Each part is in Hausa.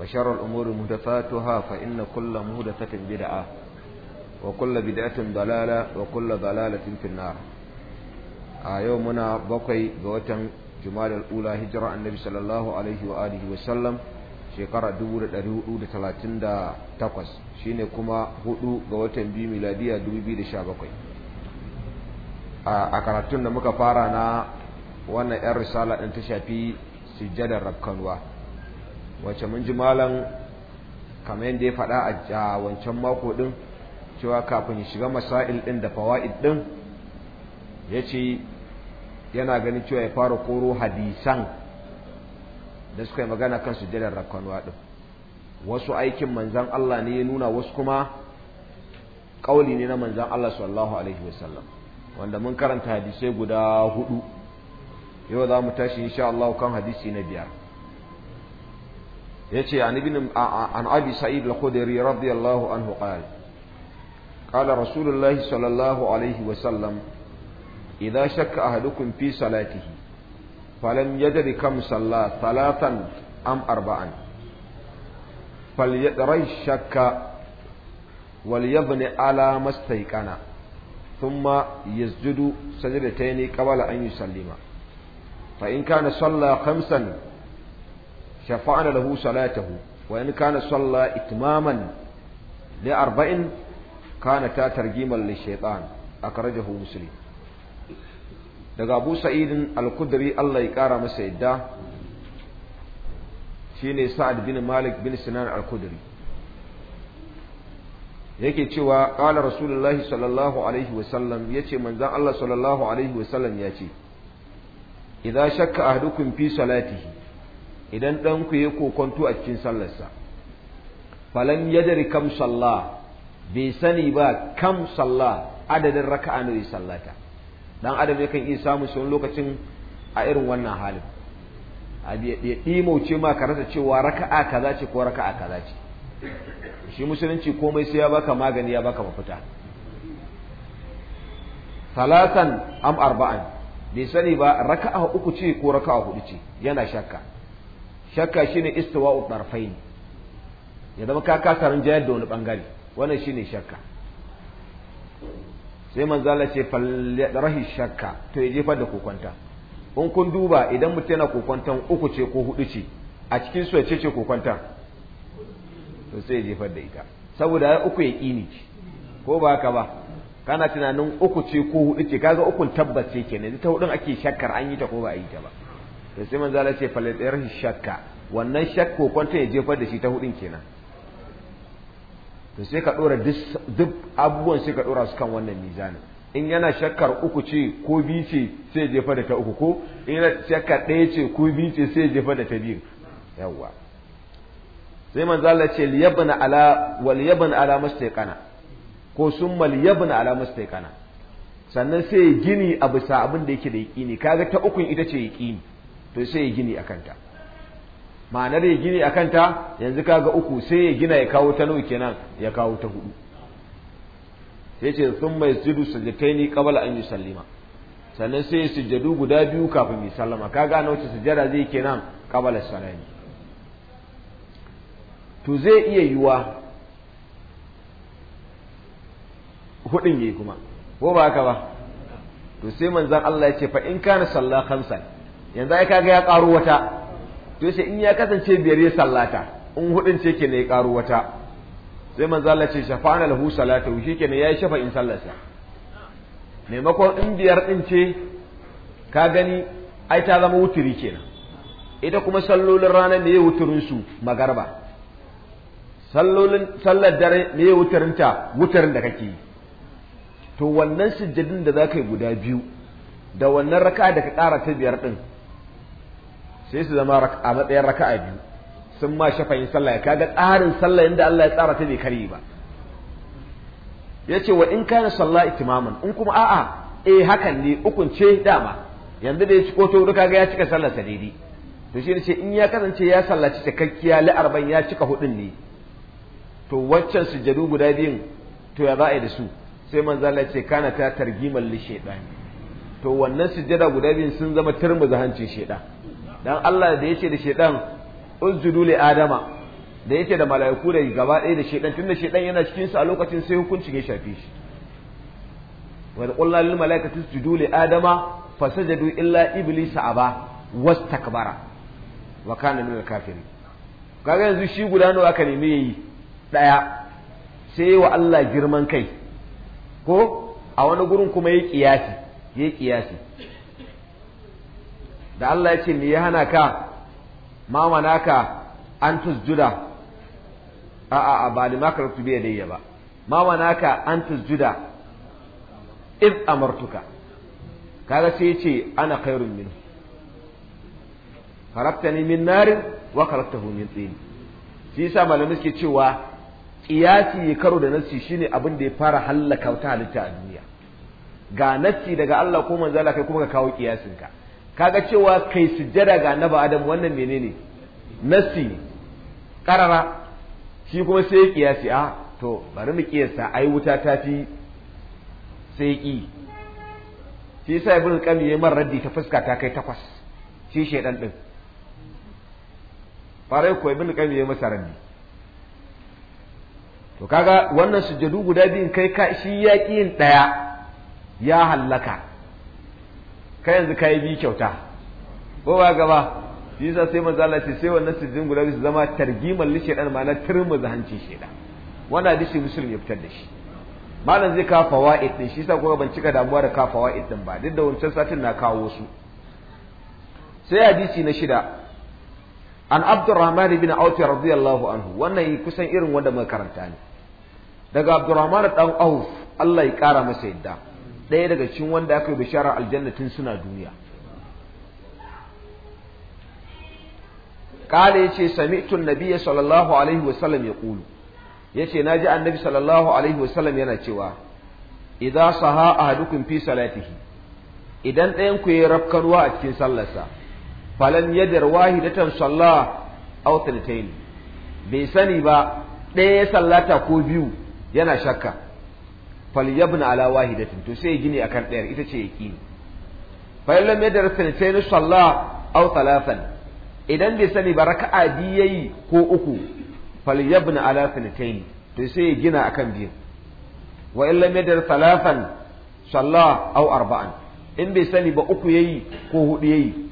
وشر الأمور مهدفاتها فإن كل مهدفة بدعة وكل بدعة ضلالة وكل ضلالة في النار يومنا بقي بوتن جمال الأولى هجرة النبي صلى الله عليه وآله وسلم شكرا دور الأريود ثلاثين دا تقص شين كما هدو بوتن بي ميلادية دو بي دشا بقي أكرتنا مكفارنا وانا الرسالة انتشا في سجادة ربكنوا wacce mun ji malam kamar yadda ya faɗa a wancan mako ɗin cewa kafin ya shiga masail ɗin da fawa'id ɗin ya ce yana ganin cewa ya fara koro hadisan da suka yi magana kan jirar rakkanwa ɗin wasu aikin manzan Allah ne ya nuna wasu kuma ƙauli ne na manzan Allah sallallahu alaihi wasallam wanda mun karanta hadisai guda hudu yau za mu tashi insha Allah kan hadisi na biyar Ya ce ibn an abi sa'id al-khudri radiyallahu anhu qala qala rasulullahi sallallahu alayhi wa sallam idha shakka ahadukum fi salatihi falam yajri kam salla salatan am arba'an falyadra shakka walyabni ala mastaiqana ثم يسجد سجدتين قبل أن يسلم فإن كان صلى خمسا shafa'ana lahu salatahu wa in kana salla itmaman li arba'in kana ta targiman li shaytan akrajahu muslim daga Abu Sa'id al-Khudri Allah ya kara masa yadda shine Sa'ad bin Malik bin Sinan al-Khudri yake cewa qala rasulullahi sallallahu alaihi wasallam yace manzon Allah sallallahu alaihi wasallam yace idza shakka ahadukum fi salatihi idan ɗanku ya kokonto a cikin sallarsa falan yadari kam sallah bai sani ba kam sallah adadin raka'a ne sallata dan adam yakan iya samun sun lokacin a irin wannan halin a ya ɗimauce ma ka rasa cewa raka'a kaza ce ko raka'a kaza ce shi musulunci komai sai ya baka magani ya baka mafita salatan am arba'an bai sani ba raka'a uku ce ko raka'a hudu ce yana shakka shakka shine istiwa'u ne. ya zama ka kasa rinjayar da wani bangare wannan shine shakka sai manzo Allah ce rahi shakka to ya jefar da kokonta in kun duba idan mutum yana kokontan uku ce ko hudu ce a cikin su ce ce kokonta to sai ya jefar da ita saboda ya uku ya kini ko ba haka ba kana tunanin uku ce ko hudu ce kaga ukun tabbace kenan ita hudun ake shakkar an yi ta ko ba a yi ta ba to sai manzala ce falatsayar shakka wannan shakko kwanta ya jefar da shi ta hudun kenan to sai ka dora duk abubuwan sai ka dora su kan wannan mizanin in yana shakkar uku ce ko biyu ce sai jefa da ta uku ko in yana shakkar ɗaya ce ko biyu ce sai jefa da ta biyu yawwa sai manzo Allah ce liyabna ala wal yabna ala mustaqana ko summa liyabna ala mustaqana sannan sai gini a bisa abin da yake da yaqini kaga ta ukun ita ce yaqini to sai ya gini a kanta ma'anar ya gini a kanta yanzu kaga uku sai ya gina ya kawo ta nawa kenan ya kawo ta hudu sai ce sun mai sujudu ni kabala an yi sallima sannan sai ya sujjadu guda biyu kafin ya sallama kaga na wace sujjada zai kenan kabala salami to zai iya yiwa hudun yi kuma ko ba haka ba to sai manzan Allah ya ce fa in kana sallah khamsan yanzu ai kaga ya karu wata to sai in ya kasance biyar ya sallata in hudun ce ke ne ya karu wata sai manzo Allah ce shafa'ana lahu salatu shikenan yayi shafa in sallarsa maimakon in biyar din ce ka gani ai ta zama wuturi kenan ita kuma sallolin ranar ne wuturin su magarba sallolin sallar dare ne ya wuturin da kake yi to wannan sujjadin da ka yi guda biyu da wannan raka da ka ƙara ta biyar din sai su zama a matsayin raka'a biyu sun ma shafayin sallah kaga tsarin sallah inda Allah ya tsara ta bai kare ba ce wa in kana sallah itimaman in kuma a'a eh hakan ne ukun ce dama yanzu da ya ciko to duka ga ya cika sallar sa daidai to shi ce in ya kasance ya sallaci cikakkiya la'arban ya cika hudun ne to waccan sujjadu guda biyun to ya za a yi da su sai manzo Allah ce kana ta targimal li shaytan to wannan sujada guda biyun sun zama turmuza hancin shaytan dan Allah da yake da shedan usjudu li adama da yake da malaiku da gaba ɗaya da shedan tunda shedan yana cikin su a lokacin sai hukunci ya shafe shi wa qulna lil malaikati usjudu li adama fasajadu illa iblisa aba wastakbara wa kana min al kaga yanzu shi guda nawa aka nemi yayi daya sai wa Allah girman kai ko a wani gurin kuma ya kiyasi yayi kiyasi da Allah ya ce me ya hana ka ma ka an tusjuda a a a ba lima karatu bi yadayya ba ma ka an tusjuda iz amartuka kaga sai ya ce ana khairun min karaktani min narin wa karaktahu min tsini shi yasa malamai suke cewa kiyasi ya karo da nassi shine abin da ya fara hallaka wata halitta a duniya ga nassi daga Allah ko manzala kai kuma ka kawo kiyasinka ka kaga cewa kai sujjada ga annabi adam wannan menene nasi karara shi kuma sai ya kiyasi a ah, to bari mu kiyasa ai wuta ta fi sai ki shi yasa ibnu qayyim yayin raddi ta fuska ta kai takwas shi shedan din farai ko ibnu qayyim yayin masa raddi to kaga wannan sujjadu guda biyun kai ka shi yaqin daya ya hallaka ka yanzu ka yi bi kyauta ko ba gaba shi yasa sai manzo Allah ce sai wannan sujjin guda su zama targimal li dan ma'ana da hanci shaytan wannan hadisi muslim ya fitar da shi malam zai kawo fawaid din shi yasa kuma ban cika damuwa da kawo fawaid din ba duk da wancan satin na kawo su sai hadisi na shida an abdurrahman bin awfi radiyallahu anhu wannan kusan irin wanda muka karanta ne daga abdurrahman dan auf Allah ya kara masa yadda ɗaya daga cikin wanda aka yi bishara aljannatin suna duniya kala yace samitun nabi ya sallallahu alaihi wasallam ce na ji annabi sallallahu alaihi wasallam yana cewa idza saha ahadukum fi salatihi idan ɗayan ku yayi rafkarwa a cikin sallarsa falan yadar wahidatan salla aw bai sani ba ɗaya ya sallata ko biyu yana shakka falyabna ala wahidatin to sai ya gini akan ɗayar ita ce yaqini fa illam yadrus sanatayn salla aw thalathan idan bai sani ba raka'a biyu yayi ko uku falyabna ala sanatayn to sai ya gina akan biyu wa illam yadrus thalathan salla aw arba'an in bai sani ba uku yayi ko hudu yayi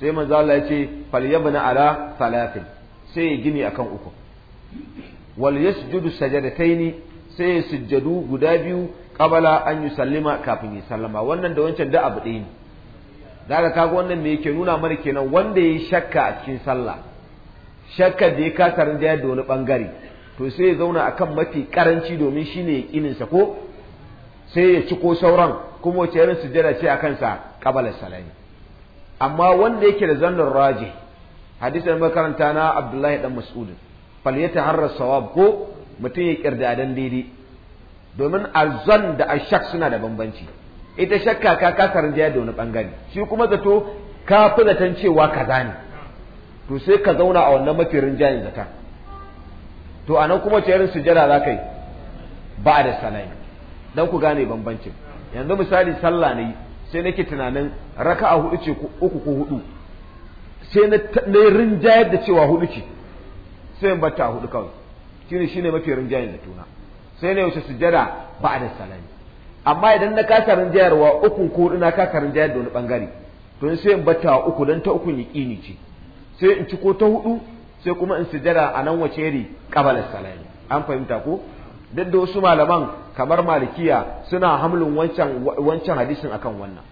sai manzo Allah ya ce falyabna ala thalathin sai ya gini akan uku wal yasjudu sajadataini sai sujjadu guda biyu qabala an yi sallima kafin ya sallama wannan da wancan da abu ɗaya ne zaka kaga wannan me yake nuna mana kenan wanda yayi shakka a cikin sallah shakka da ya kasa rinjaya da wani bangare to sai ya zauna akan mafi karanci domin shine yakinin sa ko sai ya ci ko sauran kuma wace irin sujjada ce akan sa kabala salami amma wanda yake da zannin raji hadisin makaranta na Abdullahi dan Mas'ud fal harra sawab ko mutum ya dan daidai domin azon da ashak suna da bambanci ita shakka ka kasarin jiya da wani bangare shi kuma zato ka fi zaton cewa kaza ne to sai ka zauna a wannan mafi rinjayen zata to anan kuma ce irin sujada za yi ba da salami dan ku gane bambancin yanzu misali sallah ne sai nake tunanin raka'a hudu ce uku ko hudu sai na rinjayar da cewa hudu ce sai in batta hudu kawai shine shine mafi rinjaye da tuna sai na yaushe sujjada ba da salami amma idan na kasa rinjayarwa uku ko na kasa rinjayar da wani bangare to sai in bata uku dan ta uku yaqini ce sai in ci ko ta hudu sai kuma in sujjada a nan wace ri qabala salami an fahimta ko duk da wasu malaman kamar malikiya suna hamlin wancan wancan hadisin akan wannan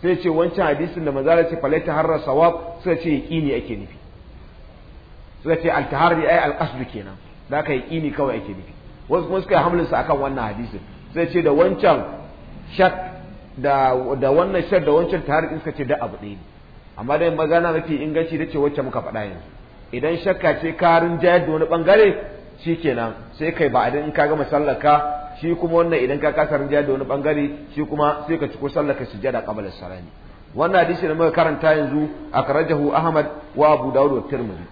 sai ce wancan hadisin da manzala ce falaita harra sawab suka ce yaqini ake nufi suka ce ay al-qasd kenan da aka ƙini kawai ake nufi wasu kuma suka yi hamlin sa akan wannan hadisi sai ce da wancan shak da da wannan shak da wancan tarikin suka ce da abu ɗaya ne amma dai magana mafi inganci da ce wacce muka faɗa yanzu idan shakka ce karin jayar da wani bangare shikenan sai kai ba idan ka gama sallaka shi kuma wannan idan ka kasa rinjaya da wani bangare shi kuma sai ka ciko sallaka sujjada qabla salami wannan hadisi da muka karanta yanzu akrajahu ahmad wa abu dawud wa tirmidhi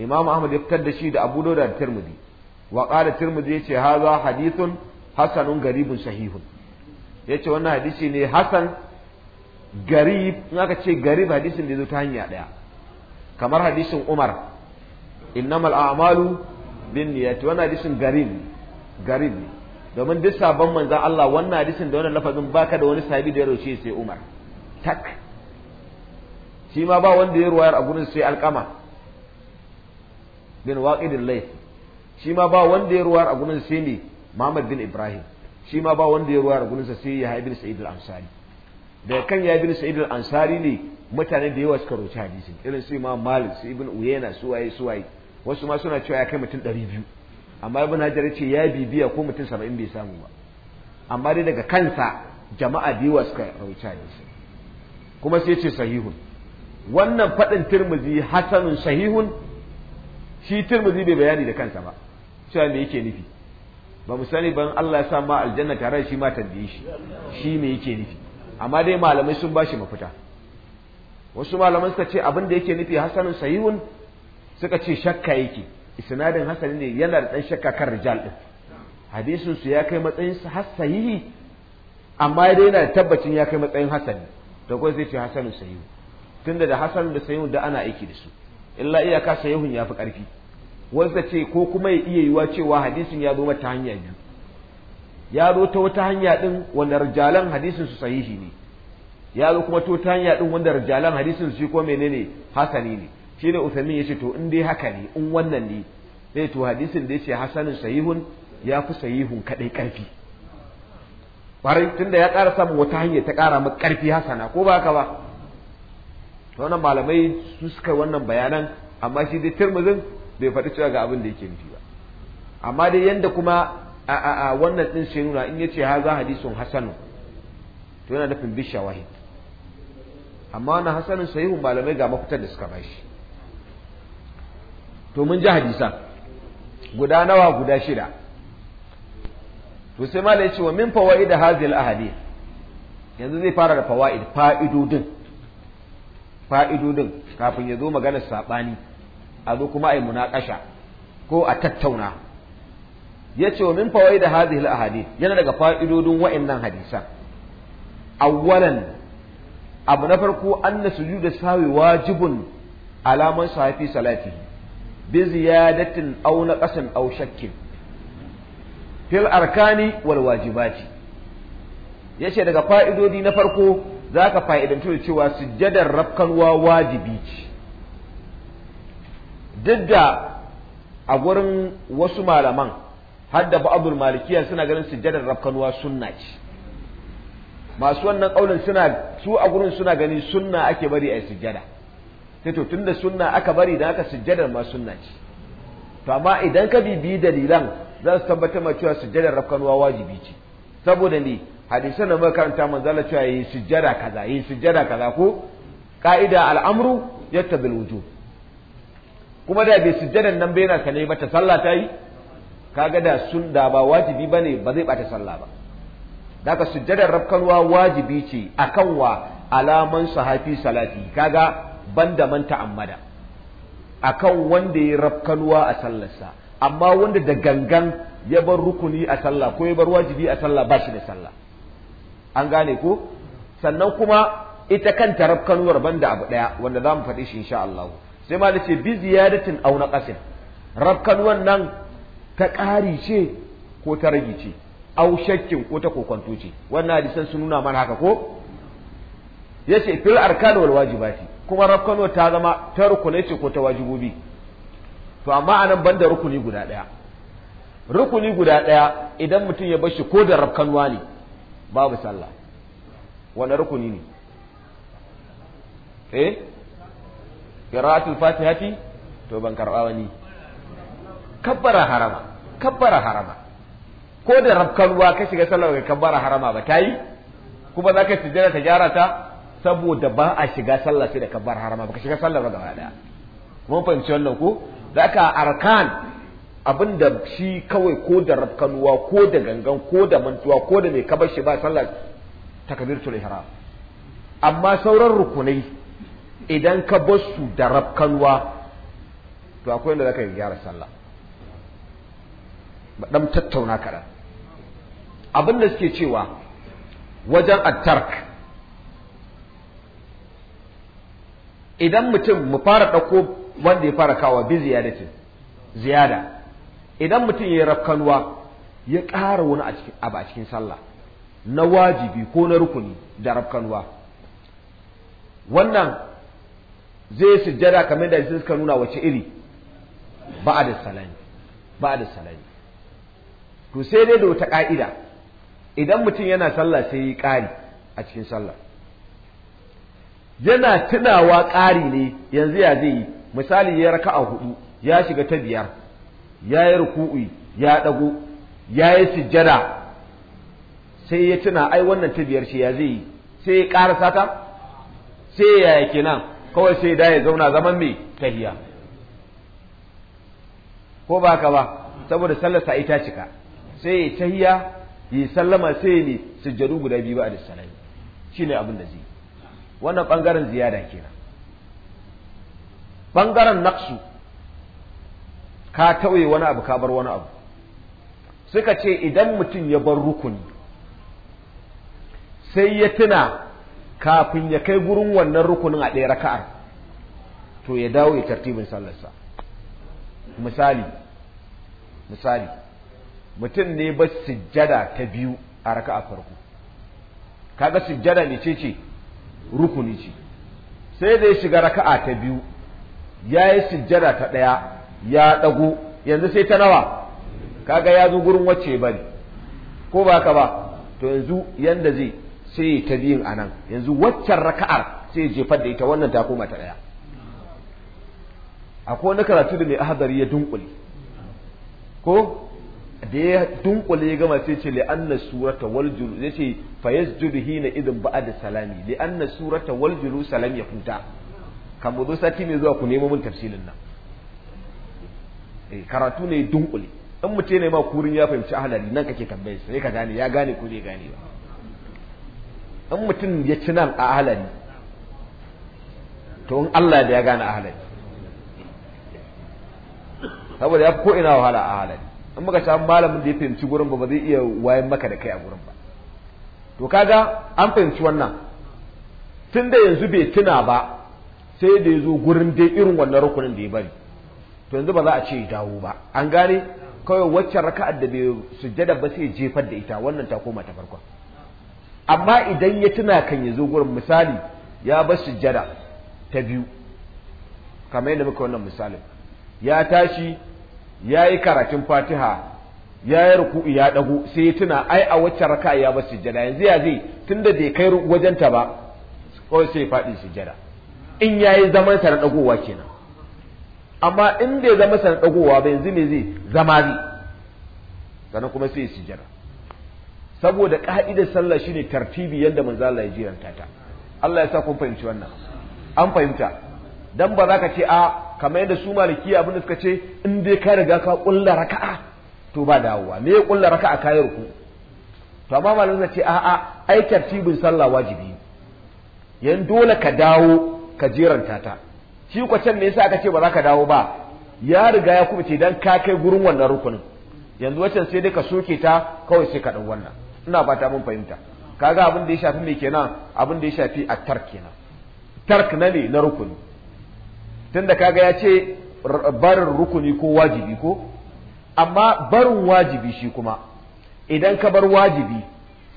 imam ahmad ya fitar da shi da abu dauda da tirmidhi wa qala tirmidhi yace hadha hadithun hasanun garibun sahihun yace wannan hadisi ne hasan garib in aka ce garib hadisin da zo ta hanya daya kamar hadisin umar innamal a'malu binniyati wannan hadisin garib garib ne domin duk sabon manzan Allah wannan hadisin da wannan lafazin baka da wani sahibi da ya roce sai umar tak shi ma ba wanda ya ruwayar a gurin sai alkama bin waqidul layth shi ma ba wanda ya ruwar a gurin sai ne Muhammad bin Ibrahim shi ma ba wanda ya ruwar a gurin sa sai Yahya bin Sa'id al-Ansari da kan Yahya bin Sa'id al-Ansari ne mutane da yawa suka rawaita hadisin irin su ma Malik sai Ibn Uyayna su waye su waye wasu ma suna cewa ya kai mutum 200 amma Ibn Hajar ce ya bibiya ko mutum 70 bai samu ba amma dai daga kansa jama'a da yawa suka rawaita hadisin kuma sai ce sahihun wannan fadin Tirmidhi hasanun sahihun shi turmuzi bai bayani da kansa ba cewa me yake nufi ba mu sani ban Allah ya sa ma aljanna tare shi ma tambaye shi shi me yake nufi amma dai malamai sun bashi mafita wasu malaman suka ce abin da yake nufi hasanun sayyun suka ce shakka yake isnadin hasani ne yana da dan shakka kan rijal din hadisin su ya kai matsayin hasahihi amma dai yana da tabbacin ya kai matsayin hasani to ko zai ce hasanun sayyun tunda da hasanun da sayyun da ana aiki da su illa iyaka sayihun ya fi ƙarfi wanda ce ko kuma ya iya yiwa cewa hadisin ya zo mata hanya biyu ya zo ta wata hanya din wanda rijalan hadisin su sahihi ne ya zo kuma ta wata hanya din wanda rijalan hadisin su ko menene hasani ne shine ya ce to in dai haka ne in wannan ne sai eh to hadisin da ce hasanin sahihun ya fi sahihun kadai ƙarfi ƙwarai tunda ya ƙara samun wata hanya ta ƙara maka ƙarfi hasana ko ba haka ba wannan malamai su suka wannan bayanan amma shi dai tirmidhin bai faɗi cewa ga abin da yake nufi ba amma dai yanda kuma a a a wannan din shi nuna in yace za hadisun hasanu to yana nufin bi shawahid amma wannan hasanun sahihun malamai ga mafitar da suka bashi to mun ji hadisa guda nawa guda shida to sai malai ce wa min fawaid hadhihi al ahadith yanzu zai fara da fawaid fa'idodin fa'idodin kafin ya zo maganar saɓani a zo kuma a yi ko a tattauna ya ce wa min fawai da yana daga fa'idodin wa'annan hadisan awwalan abu na farko anna sujudu sawi wajibun alaman sahifi salati bi ziyadatin aw naqasin au shakkin fil arkani wal wajibati yace daga fa'idodi na farko za ka fa'idantu da cewa sujjadar rafkanwa wajibi ce duk da a gurin wasu malaman har da ba'adul malikiya suna ganin sujjadar rafkanwa sunna ce masu wannan ƙaunin suna su a gurin suna gani sunna ake bari a yi sujjada sai to da sunna aka bari da aka sujjadar ma sunna ce to amma idan ka biyu dalilan za su tabbatar ma cewa sujjadar rafkanwa wajibi ce saboda ne hadisan da muka karanta manzala cewa yi sujjada kaza yi sujjada kaza ko ka'ida al'amru yattabil wujub kuma da bai sujjadan nan bai yana kane ta sallah ta yi kaga da sun da ba wajibi bane ba zai bata sallah ba daga sujjadar rabkalwa wajibi ce akan wa alaman sahafi salati kaga banda man ta'ammada akan wanda ya rabkalwa a sallarsa amma wanda da gangan ya bar rukuni a sallah ko ya bar wajibi a sallah ba shi da sallah an gane ko sannan kuma ita kanta rafkanuwar banda abu daya wanda za mu faɗi shi insha Allah sai ma dace bi ziyadatin aw rafkanuwar nan ta ƙari ce ko ta rage ce aw shakkin ko ta kokonto ce wannan hadisan sun nuna mana haka ko yace fil arkan wal wajibati kuma rafkanuwar ta zama ta rukune ce ko ta wajibobi to amma anan banda rukuni guda daya rukuni guda daya idan mutum ya bar shi ko da rafkanuwa ne babu sallah wani rukuni ne eh qira'atul fatihati to ban karba wani kabbara harama kabbara harama ko da rabkan ruwa ka shiga sallah ka kabbara harama ba tayi kuma zaka tijjara ta gyara ta saboda ba a shiga sallah sai da kabbara harama ba, ka shiga sallah ba gaba daya mun fahimci wannan ko zaka arkan abin da shi kawai ko da rafkanuwa ko da gangan ko da mantuwa ko da mai kabar shi ba sallah takabirtul ihram amma sauran rukunai idan ka bar su da rafkanuwa to akwai inda zaka gyara sallah ba dan tattauna kaɗan abin da suke cewa wajen attark idan mutum mu fara ɗauko wanda ya fara kawo bi ce, ziyada idan mutum ya rafkanuwa ya ƙara wani abu a cikin sallah na wajibi ko na rukuni da rafkanuwa wannan zai sujjada kamar da sun suka nuna wace iri ba da salami Ba da salami to sai dai da wata ƙa'ida idan mutum yana sallah sai yi ƙari a cikin sallah yana tunawa ƙari ne yanzu ya zai yi misali ya raka a hudu ya shiga ta biyar ya yi ruku'i ya ɗago ya yi sujjada sai ya tuna ai wannan ta biyar shi ya zai yi sai ya ƙara sata sai ya yake nan, kawai sai da ya zauna zaman mai tahiya ko ba ka ba saboda sallasa ita cika sai ya tahiya ya sallama sai ne sujjadu guda biyu ba da salami shine abin da zai wannan bangaren ziyada kenan bangaren naqsu ka tauye wani abu ka bar wani abu suka ce idan mutum ya bar rukuni sai ya tuna kafin ya kai gurin wannan rukunin a ɗaya raka'ar to ya dawo ya tartibin sallarsa misali misali mutum ne ba sujjada ta biyu a raka'a farko kaga sujjada ne ce ce rukuni ce sai da ya shiga raka'a ta biyu ya yi sujjada ta ɗaya ya ɗagu yanzu sai ta nawa kaga ya zo gurin wacce bari ko ba ka ba to yanzu yanda zai sai ya ta biyun anan yanzu waccan raka'ar sai ya jefar da ita wannan ta koma ta ɗaya akwai wani karatu da mai ahadari ya dunkule ko da ya dunkule ya gama sai ce li'anna surata wal julu ce fa yasjudu hina idan ba'da salami li'anna surata wal salam ya futa kan mu zo sati mai zuwa ku nemo mun tafsilin nan Eh, karatu ne dunkule in mutum ne ma kurin ya fahimci ahalari nan kake tambaye sai ka gane ya gane ko zai gane ba in mutum ya ci nan a ahalari to in Allah da ya gane ahalari saboda ya fi ko ina wahala a ahlari in muka samu malamin da ya fahimci gurin ba ba zai iya wayan maka da kai a gurin ba to kaga an fahimci wannan tun da yanzu bai tuna ba sai da ya zo gurin dai irin wannan rukunin da ya bari to yanzu ba za a ce dawo ba an gane kawai waccan raka'ar da bai sujjada ba sai jefar da ita wannan ta koma ta farkon amma idan ya tuna kan ya zo gurin misali ya bar sujjada ta biyu kamar yadda muka wannan misali. ya tashi ya yi karatun fatiha ya yi ruku'u ya dago sai ya tuna ai a waccan raka'a ya bar sujjada yanzu ya zai tunda bai kai wajenta ba kawai sai ya faɗi sujjada in ya yi zaman na ɗagowa kenan amma in bai zama sanin dagowa ba yanzu me zai zama zai sannan kuma sai ya sujjada saboda ka'idar sallah shine tartibi yadda manzo Allah ya jiranta ta Allah ya sa kun fahimci wannan an fahimta dan ba za ka ce a kamar yadda su maliki abin da suka ce in dai ka riga ka kulla raka'a to ba dawowa me ya kulla raka'a kai ruku to amma malamin ce a a ai tartibin sallah wajibi yan dole ka dawo ka jiranta ta shi can me yasa aka ce ba za ka dawo ba ya riga ya kubuce dan ka kai gurin wannan rukunin yanzu wacan sai dai ka soke ta kawai sai ka wannan ina fata mun fahimta kaga abin da ya shafi me kenan abin da ya shafi a tark kenan tark na ne na rukuni tunda kaga ya ce barin rukuni ko wajibi ko amma barin wajibi shi kuma idan ka bar wajibi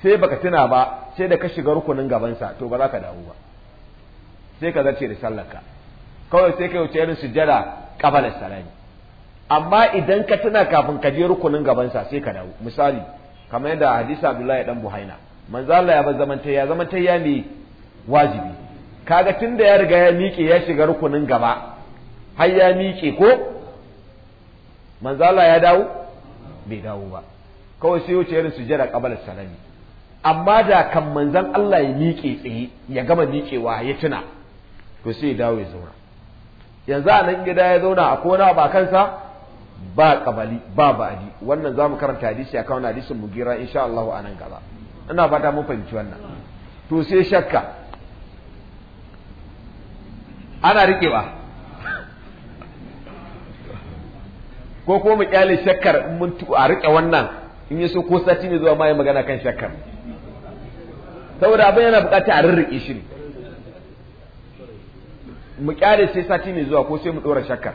sai baka tuna ba sai da ka shiga rukunin gabansa to ba za ka dawo ba sai ka zarce da sallarka kawai sai kai wuce irin sujjada qabala salami amma idan ka tuna kafin ka je rukunin gabansa sai ka dawo misali kamar yadda hadisi Abdullahi dan Buhaina manzo Allah ya bar zaman tayya zaman tayya ne wajibi kaga tunda ya riga ya miƙe ya shiga rukunin gaba har ya miƙe ko manzo Allah ya dawo bai dawo ba kawai sai wuce irin sujjada qabala salami amma da kan manzon Allah ya miƙe tsaye ya gama miƙewa ya tuna to sai ya dawo ya zauna yanzu a nan gida ya zauna a kona ba kansa ba kabali ba ba'adi wannan za mu karanta hadisi a kawo hadisin mugira insha Allah a nan gaba ina fata mun fahimci wannan to sai shakka ana rike ba ko ko mu kyale shakkar in mun a rike wannan in yaso ko sati ne zuwa ma magana kan shakkar saboda abin yana bukata a rirrike shi ne mu kyale sai sati mai zuwa ko sai mu dora shakka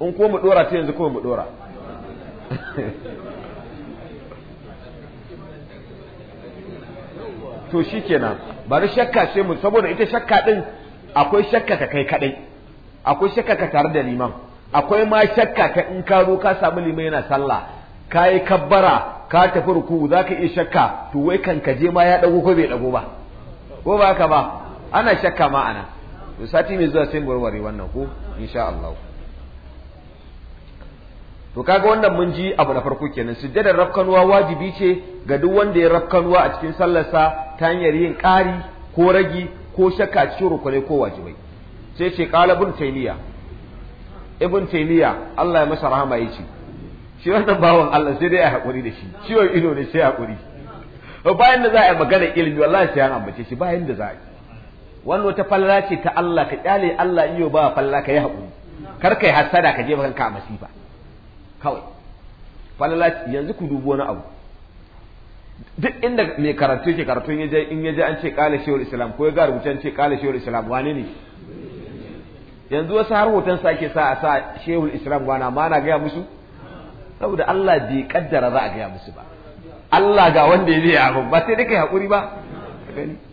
in ko mu dora ta yanzu ko mu dora to shi ba bari shakka sai mu saboda ita shakka din akwai shakka ka kai kadai akwai shakka ka tare da liman akwai ma shakka ka in ka zo ka samu liman yana sallah ka yi kabbara ka tafi ruku za ka iya shakka to wai kan ka je ma ya dago ko bai dago ba ko ba ka ba ana shakka ma ana to sati mai zuwa sai mu warware wannan ko insha Allah to kaga wannan mun ji abu na farko kenan sujjadar rafkanuwa wajibi ce ga duk wanda ya rafkanuwa a cikin sallar sa ta hanyar yin ƙari ko ragi ko shakka cikin rukunai ko wajibai sai ce qala ibn taymiya ibn taymiya Allah ya masa rahama yace shi wannan bawan Allah sai dai a hakuri da shi ciwon ido ne sai hakuri bayan da za a yi magana ilimi wallahi sai an ambace shi bayan da za a yi wannan wata falla ce ta Allah ka kyale Allah iyo ba falla ka yi haƙuri kar kai hasada ka jefa kanka a masifa kawai falla yanzu ku dubo wani abu duk inda mai karatu ke karatu in yaje in yaje an ce kala shehul islam ko ya ga rubuce an ce kala shehul islam wane ne yanzu wasu har hoton sa sa a sa shehul islam wana ma na gaya musu saboda Allah bai kaddara za a gaya musu ba Allah ga wanda ya biya abu ba sai dai kai haƙuri ba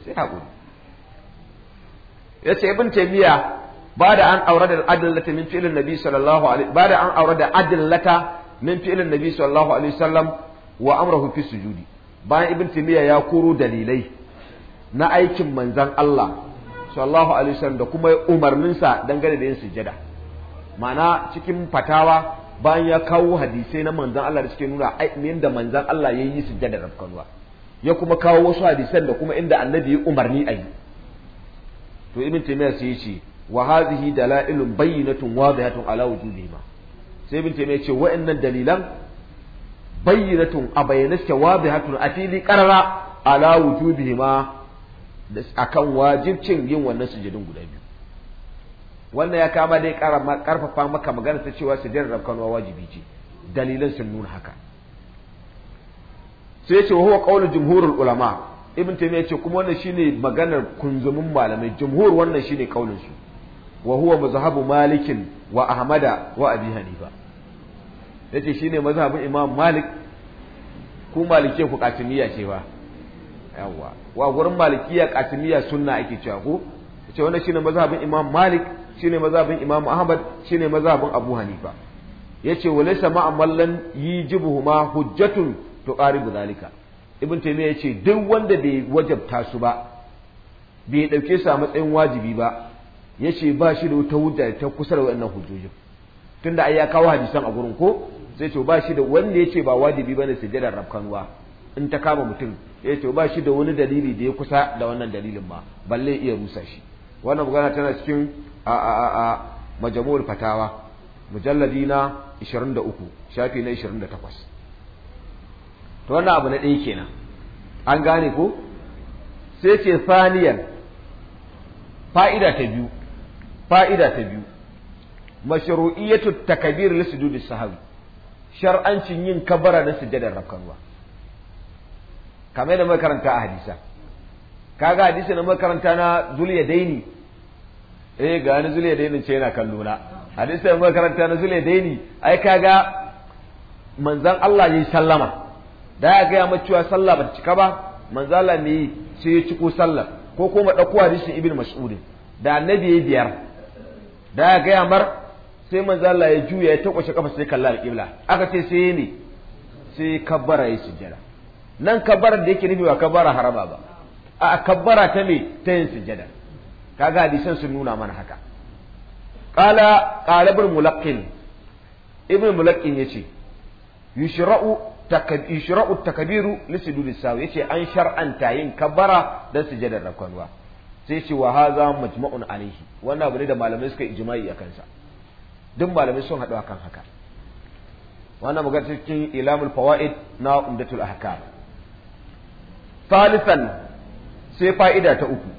sai haƙuri ce ibn taymiya ba da an da adallata min fi'lin nabi sallallahu alaihi ba da an da adallata min fi'lin nabi sallallahu alaihi wasallam wa amruhu fi sujudi bayan ibn taymiya ya koro dalilai na aikin manzon Allah sallallahu alaihi wasallam da kuma umarnin sa dangane da yin sujada ma'ana cikin fatawa bayan ya kawo hadisai na manzon Allah da suke nuna yadda manzon Allah ya yi sujada da ya kuma kawo wasu hadisan da kuma inda annabi ya umarni a yi to ibn taymiya sai yace wa hadhihi dalailun bayyinatun wadihatun ala ma sai ibn taymiya yace wa'annan dalilan bayyinatun a bayyana suke wadihatun a fili qarara ala wujudihima akan wajibcin yin wannan sujudin guda biyu wannan ya kama dai karfafa maka magana ta cewa sujudin rabkanwa wajibi ce dalilan sun nuna haka sai ce wa huwa qaulu jumhurul ulama ibn taymiya ce kuma wannan shine maganar kunzumin malamai jumhur wannan shine kaulin su wa huwa mazhabu malikin wa ahmada wa abi hanifa yace shine mazhabin imam malik ku malike ku qatimiyya ce ba yawa wa gurin malikiyya qatimiyya sunna ake cewa ko ce wannan shine mazhabin imam malik shine mazhabin imam ahmad shine mazhabin abu hanifa yace walaysa ma'amallan mallan yijibuhuma hujjatun tuqaribu zalika ibn taymiya yace duk wanda bai wajabta su ba bai dauke su a matsayin wajibi ba yace ba shi da wata hujja ta kusa da wannan hujjojin tunda ai ya kawo hadisan a gurin ko sai ce ba shi da wanda yace ba wajibi bane sujjadar rabkanwa in ta kama mutum ya ce ba shi da wani dalili da ya kusa da wannan dalilin ba balle iya rusa shi wannan magana tana cikin a a a majmu'ul fatawa mujalladi na 23 shafi na 28 to wannan abu na ɗaya kenan an gane ko sai ce saniyan fa'ida ta biyu fa'ida ta biyu mashru'iyatu takabir li sujudi sahwi shar'ancin yin kabara na sujadar rakarwa kamar da makaranta a hadisa kaga hadisi na makaranta na zuliya daini eh ga ni zuliya daini ce yana kallo na hadisi na makaranta na zuliya daini ai kaga manzon Allah ya sallama da ya gaya mata cewa sallah ba cika ba manzala ne sai ya ciko sallah ko kuma dauko hadisin ibn mas'ud da annabi ya biyar da ya gaya mar sai manzala ya juya ya takwashe kafa sai kalla alqibla aka ce sai ne sai kabbara ya sujjada nan kabbara da yake nufi wa kabbara haraba ba a kabbara ta me ta yin sujjada kaga hadisan sun nuna mana haka qala qala ibn mulaqqin ibn mulaqqin yace yushra'u ishra'u takbiru li sujudi sawi yace an shar'anta yin kabbara dan sujadar rakwanwa sai yace wa hadha majma'un alayhi wannan abu ne da malamai suka ijma'i a kansa duk malamai sun haɗu akan haka wannan magana cikin ilamul fawaid na umdatul ahkam ثالثا sai fa'ida ta uku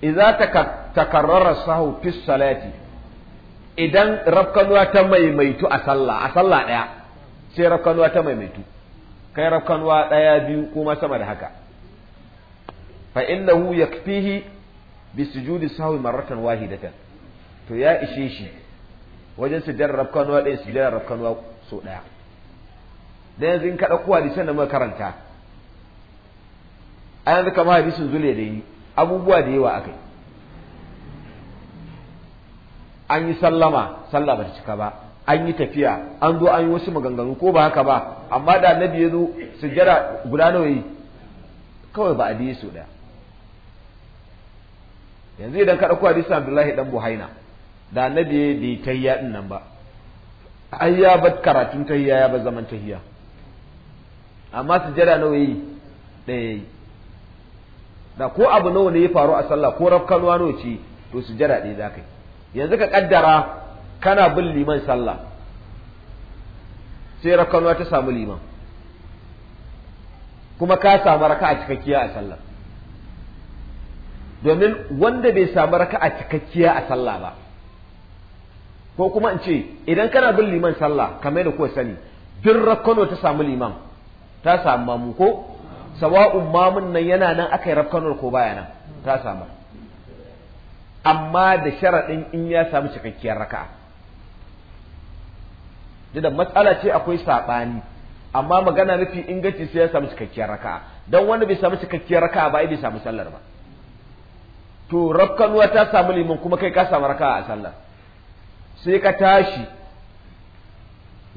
idza takarrara sahu fi salati idan rafkanuwa ta maimaitu a sallah a sallah daya sai rafkanuwa ta maimaitu kai rafkanuwa ɗaya biyu ko kuma sama da haka fa innahu yakfihi bi sujudi sahwi marratan wahidatan to ya ishe shi wajen sujjar rafkanuwa ɗaya sujjar rafkanuwa so ɗaya da yanzu in ka ɗauko hadisan da muka karanta a yanzu kama hadisin zule da yi abubuwa da yawa akai an yi sallama sallah ba ta cika ba an yi tafiya an zo an yi wasu maganganu ko ba haka ba amma da annabi ya zo sujjada guda nawa yi kawai ba a su daya yanzu idan ka dauko hadisi Abdullahi dan Buhaina da annabi ya bai tayya din nan ba ai ya bar karatun tayya ya ba zaman tayya amma sujjada nawa yi ɗaya yi da ko abu nawa ne ya faru a sallah ko rafkanuwa nawa ce to sujjada ɗaya za ka yi yanzu ka kaddara kana bin liman sallah sai rakanwa ta samu liman kuma ka samu raka a cikakkiya a sallah domin wanda bai samu raka a cikakkiya a sallah ba ko kuma in ce idan kana bin liman sallah kamar da kowa sani duk rakkano ta samu liman ta samu mamu ko sawa'un mamun nan yana nan aka yi rakkanar ko baya nan ta samu amma da sharaɗin in ya samu cikakkiyar raka'a da matsala ce akwai saɓani amma magana nufi inganci sai ya samu cikakkiyar raka don wanda bai samu cikakkiyar raka ba bai samu sallar ba to rafkanuwa ta samu liman kuma kai ka samu raka a sallar sai ka tashi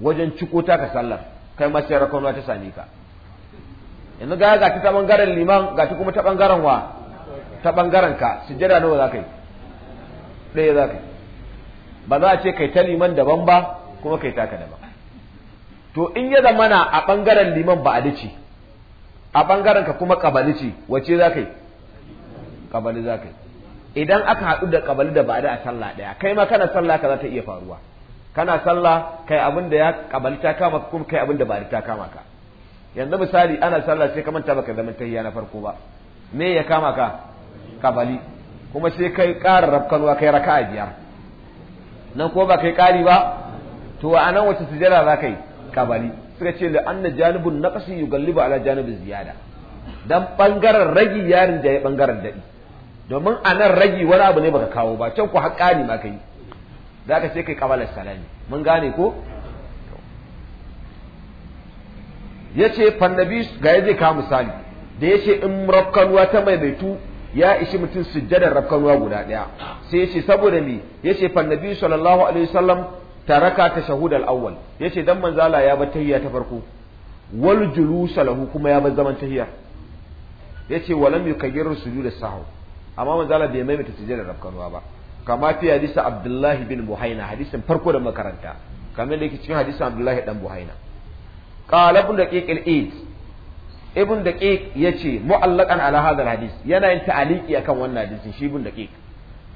wajen ciko ta ka sallar kai ma sai rafkanuwa ta same ka yanzu ga ga ta bangaren liman ga ta kuma ta bangaren wa ta bangaren ka sujjada nawa za ka yi ɗaya za ka yi ba za a ce kai ta liman daban ba kuma kai taka daban to in ya zama na a bangaren liman ba ce a bangaren ka kuma kabali ce wace za ka yi kabali za ka yi idan aka haɗu da kabali da ba'ada a sallah ɗaya kai ma kana sallah ka za ta iya faruwa kana sallah kai abin da ya kabali ta kama kuma kai abin da ba'ada ta kama ka yanzu misali ana sallah sai ka manta baka zaman tahiyya na farko ba me ya kama ka kabali kuma sai kai ƙara rafkanwa kai raka'a biyar nan ko ba kai ƙari ba to a nan wace sujada za ka yi kabali suka ce da anna janibun naqsi yugallibu ala janibin ziyada dan bangaren ragi yarin da ya bangaren dadi domin a nan ragi wani abu ne baka kawo ba can ku haƙa ne ma kai zaka ce kai kabalar salami mun gane ko yace fannabi ga yaje ka misali da yace in rafkanuwa ta mai baitu ya ishi mutum sujjadar rafkanuwa guda daya sai yace saboda me yace fannabi sallallahu alaihi wasallam taraka ta shahudal awwal yace dan manzala ya bar tahiyya ta farko wal julusa lahu kuma ya bar zaman tahiyya yace walam su sujud sahw amma manzala bai maimaita sujud rafkanuwa ba kama fi hadisi abdullahi bin buhaina hadisin farko da makaranta kamar da yake cikin hadisin abdullahi dan buhaina qala ibn daqiq al-eid ibn daqiq yace mu'allaqan ala hadha al-hadis yana yin ta'aliki akan wannan hadisin shi ibn daqiq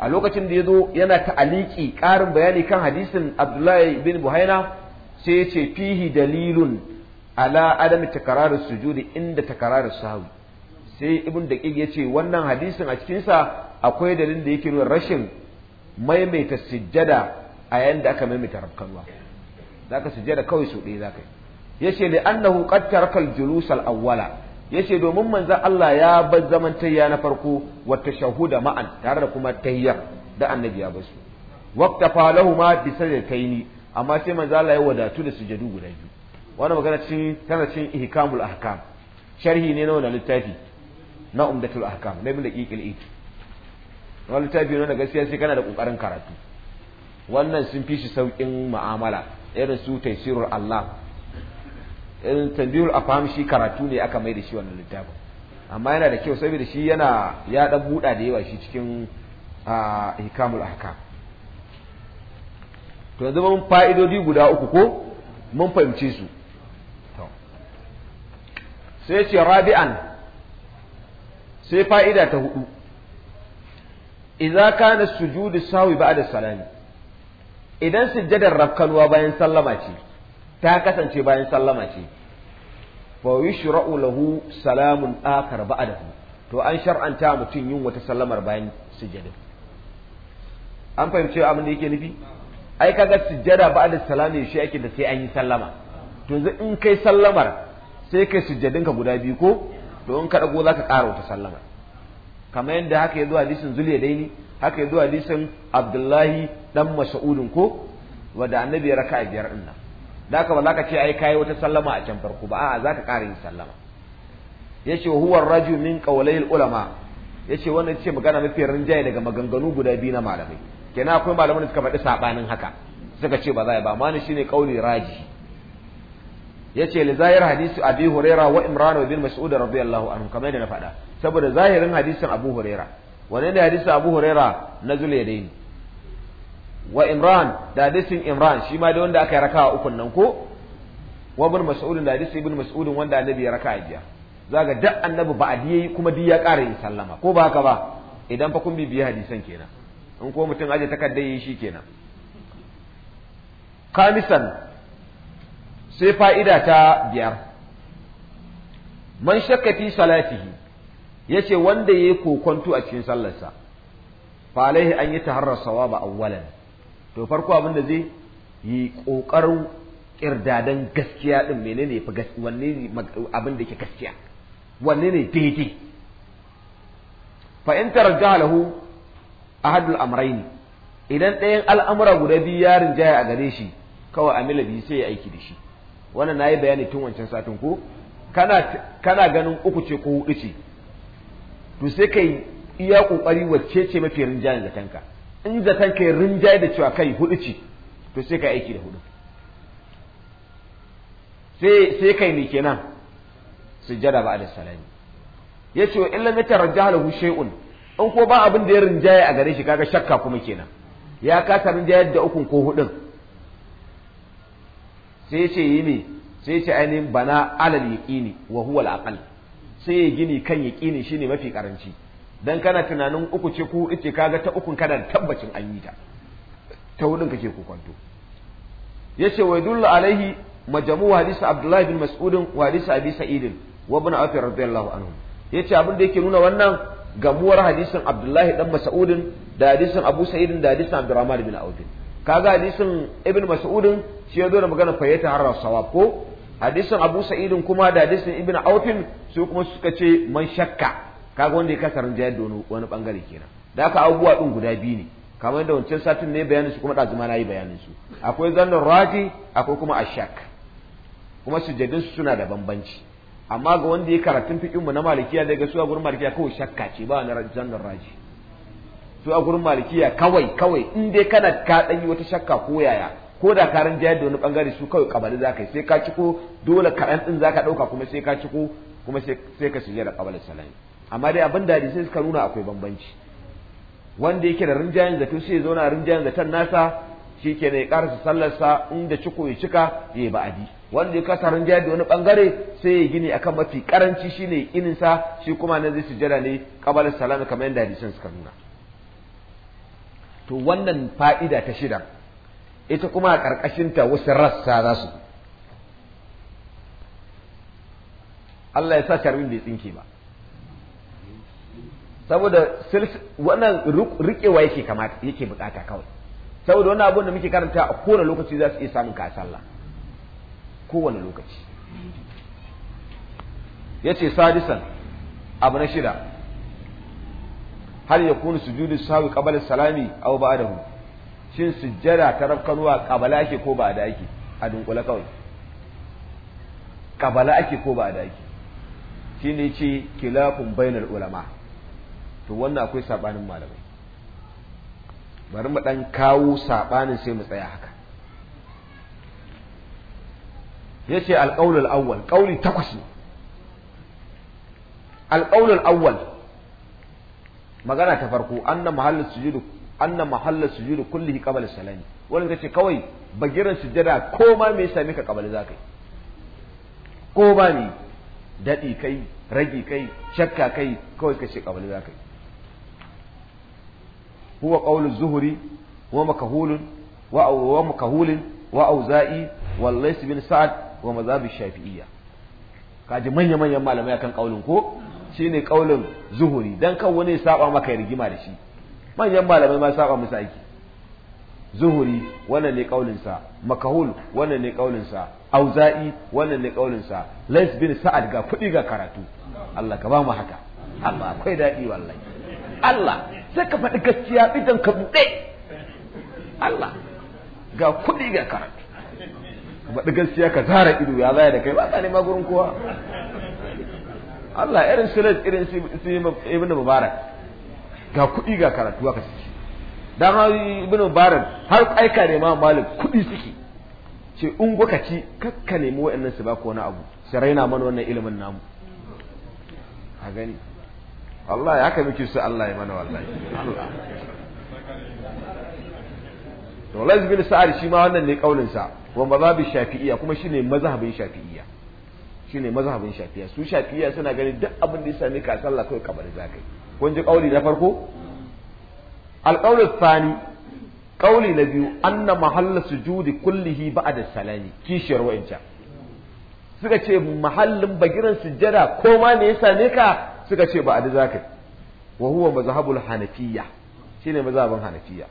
a lokacin da ya zo yana ta'aliki ƙarin bayani kan hadisin abdullahi bin buhaina sai ya ce fihi dalilun ala adami takararar sujudi inda takarar sahu sai ibn daqiq ya ce wannan hadisin a cikinsa akwai dalilin da yake nuna rashin maimaita sujjada a yayin da aka maimaita za ka sujjada kawai sau ɗaya ka yi yace li annahu qad taraka al awwala yace domin manzon Allah ya bar zaman tayya na farko wa tashahuda ma'an tare da kuma tayyar da annabi ya basu waqtafa ma bi sajdatayni amma sai manzon Allah ya wadatu da sujadu guda biyu wannan magana ce tana cin ihkamul ahkam sharhi ne na wannan littafi na umdatul ahkam na ibn daqiqil iki wannan littafi ne na gaskiya sai kana da kokarin karatu wannan sun fi shi saukin mu'amala irin su tafsirul Allah tanbihul afham shi karatu ne aka mai da shi wannan littafin amma yana da kyau saboda shi yana ya dan buda da yawa shi cikin hikamul ahkam to yanzu mun fa'idodi guda uku ko mun fahimce su sai ce rabi'an sai fa'ida ta hudu idza kana sujudu sawi ba'da salami idan sujjadar rakkanuwa bayan sallama ce ta kasance bayan sallama ce fa yushra'u lahu salamun akhar ba'dahu to an shar'anta mutum yin wata sallamar bayan sujjada an fahimci abin da yake nufi ai kaga sujjada ba'da salami shi ake da sai an yi sallama to yanzu in kai sallamar sai kai ka guda biyu ko to in ka dago zaka ƙara wata sallamar kamar yadda haka ya zo hadisin zuliya ni, haka ya zo hadisin abdullahi dan mas'udin ko da annabi raka'a biyar din nan zaka ba za ka ce ai kayi wata sallama a can farko ba a'a za ka ƙara yin sallama yace huwa raju min qawlayil ulama yace wannan ce magana mafi rinjaye daga maganganu guda biyu na malamai kenan akwai malaman da suka faɗi sabanin haka suka ce ba za ba amma ni shine qawli raji yace li zahir hadisi abi huraira wa imran bin mas'ud radiyallahu anhu kamar yadda na faɗa saboda zahirin hadisin abu huraira wanne ne hadisin abu huraira na zulaydayni wa Imran da hadisin Imran shi ma da wanda aka yi raka'a ukun nan ko wa ibn Mas'ud da hadisin ibn Mas'ud wanda annabi ya raka a jiya zaga duk annabi ba yi kuma duk ya ƙara yin sallama ko ba haka ba idan fa kun bibiya hadisan kenan in ko mutum aje takardar yi shi kenan Kamisan sai fa'ida ta biyar man shakka fi salatihi yace wanda yayi kokonto a cikin sallarsa fa alaihi an yi taharrar sawaba awwalan to farko abin da zai yi ƙoƙarin ƙirdadan gaskiya ɗin menene fi gaskiya wanne ne abin da ke gaskiya wanne ne daidai fa in tarajjaha lahu ahadul amrayn idan ɗayan al'amura guda biyu ya rinjaya a gare shi kawai amila biyu sai ya aiki da shi wannan nayi bayani tun wancan satin ko kana kana ganin uku ce ko hudu ce to sai kai iya kokari wacce ce mafi da zatanka in zaton kai rinjaye da cewa kai hudu ce to sai ka aiki da hudu sai kai ne kenan sujjada ba da salami ya ce wa illam ya rajja halahu shay'un in ko ba abin da ya rinjaye a gare shi kaga shakka kuma kenan ya kasa rinjaye da ukun ko hudun sai ce yi ne sai ce ainihin bana alal yaqini wa huwa al sai ya gini kan yaqini shine mafi karanci dan kana tunanin uku ce ku ce kaga ta ukun kana da tabbacin an yi ta ta hudun kake ku kwanto yace wa yadullu alaihi majmu hadisi abdullahi bin mas'ud wa hadisi abi sa'id wa ibn afi radiyallahu anhu yace abin da yake nuna wannan gamuwar hadisin abdullahi dan mas'ud da hadisin abu sa'id da hadisin abdurrahman bin auf kaga hadisin ibn mas'ud shi ya zo da magana fayyata har sawab ko hadisin abu sa'id kuma da hadisin ibn auf su kuma suka ce man shakka kaga wanda ya kasa rinjayar da wani bangare kenan da aka abubuwa din guda biyu ne kamar yadda wancan satin ne bayanin su kuma ɗazuma na yi bayanin su akwai zannin raji akwai kuma ashak kuma sujadin su suna da bambanci amma ga wanda ya karatun fikin mu na malikiya daga su a gurin malikiya kawai shakka ce ba na zannin raji su a gurin malikiya kawai kawai in dai kana ka dan yi wata shakka ko yaya ko da ka jayar da wani bangare su kawai kabali za ka yi sai ka ciko dole kaɗan ɗin za ka ɗauka kuma sai ka ciko kuma sai ka shige da kabalin salami amma dai abin da hadisai suka nuna akwai bambanci wanda yake da rinjayen zato sai ya zauna rinjayen zaton nasa shi ke ne karasa sallarsa inda ciko ya cika ya yi ba'adi wanda ya kasa rinjaye da wani bangare sai ya gini akan mafi karanci shi ne ininsa shi kuma na zai sujada ne kabalar salama kamar yadda hadisan suka nuna to wannan fa'ida ta shida ita kuma a ƙarƙashinta wasu rassa za su Allah ya sa carbin bai tsinke ba saboda wannan riƙewa yake kamata yake bukata kawai saboda wannan abun da muke karanta a kowane lokaci za su iya samun ka sallah kowane lokaci Ya ce sadisan abu na shida har su yakunu su sahwi qabla salami aw ba'dahu shin sujjada ta rafkanuwa kabala ake ko ba da ake a dunkula kawai kabala ake ko ba da ake shine ce kilafun bainar ulama to wannan akwai sabanin malamai bari mu dan kawo sabanin sai mu tsaya haka yace alqaulul awwal qauli takwas ne alqaulul awwal magana ta farko anna mahallu sujudu anna mahallu sujudu kullu qabla salami wannan kace kawai bagiran sujada ko ma me yasa mika kabali zakai ko ba ni dadi kai ragi kai shakka kai kawai kace kabali zakai huwa qawlu zuhri wa makahulun wa wa wa auza'i wa sa'ad wa mazhab shafi'iyya kaji manya manyan malamai akan kaulin ko shine kaulin zuhuri dan kan wani saba maka rigima da shi manyan malamai ma saba musu aiki zuhuri wannan ne kaulinsa makahul wannan ne kaulinsa auza'i wannan ne kaulinsa lais bin sa'ad ga kuɗi ga karatu Allah ka ba mu haka amma akwai daɗi wallahi Allah sai ka faɗi gaskiya idan ka buɗe Allah ga kuɗi ga karatu ka faɗi gaskiya ka zara ido ya zaya da kai ba ka nema gurin kowa Allah irin sulat irin su ibn mubarak ga kuɗi ga karatu haka suke dan ma ibn mubarak har aika ne ma malik kuɗi suke ce in gwaka ci kakka nemi wa'annan su ba ko wani abu su raina mana wannan ilimin namu a gani Allah ya haka muke so Allah ya mana wallahi to Lais bin Sa'ad shi ma wannan ne kaulin sa wa mazhabi Shafi'iyya kuma shine mazhabin Shafi'iyya shine mazhabin Shafi'iyya su Shafi'iyya suna ganin duk abin da ya same ka sallah kai kabar zakai kun ji kauli na farko alqaulu thani kauli na biyu anna mahalla sujudi kullihi ba'da salami kishiyar wa'inca suka ce mahallin bagiran sujjada ko ma ne ya same ka suka ce ba a za ka wa huwa mazhabul hanafiyya shine mazhaban hanafiyya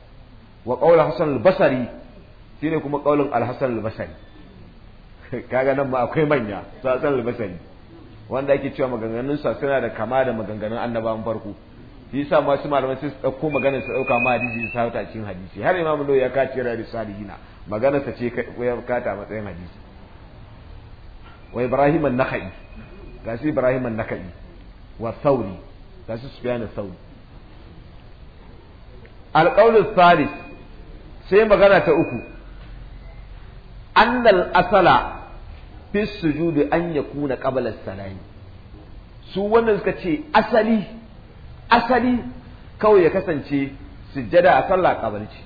wa ƙaunar hasan al-basri shine kuma qaulin al-hasan al-basri kaga nan ma akwai manya hasan al-basri wanda ake cewa maganganun sa suna da kama da maganganun annabawan farko shi yasa masu malaman su dauko maganar su dauka ma hadisi su sauta cikin hadisi har imamu nawawi ya kace rari salihina maganar ta ce ya kata matsayin hadisi wa ibrahim an-nakhai gashi ibrahim an-nakhai wa sauri gashi sufyan sauri alqaulus salis sai magana ta uku annal asala fi sujudi an yakuna qabla salami su wannan suka ce asali kawai ya kasance sujjada a sallah kabalci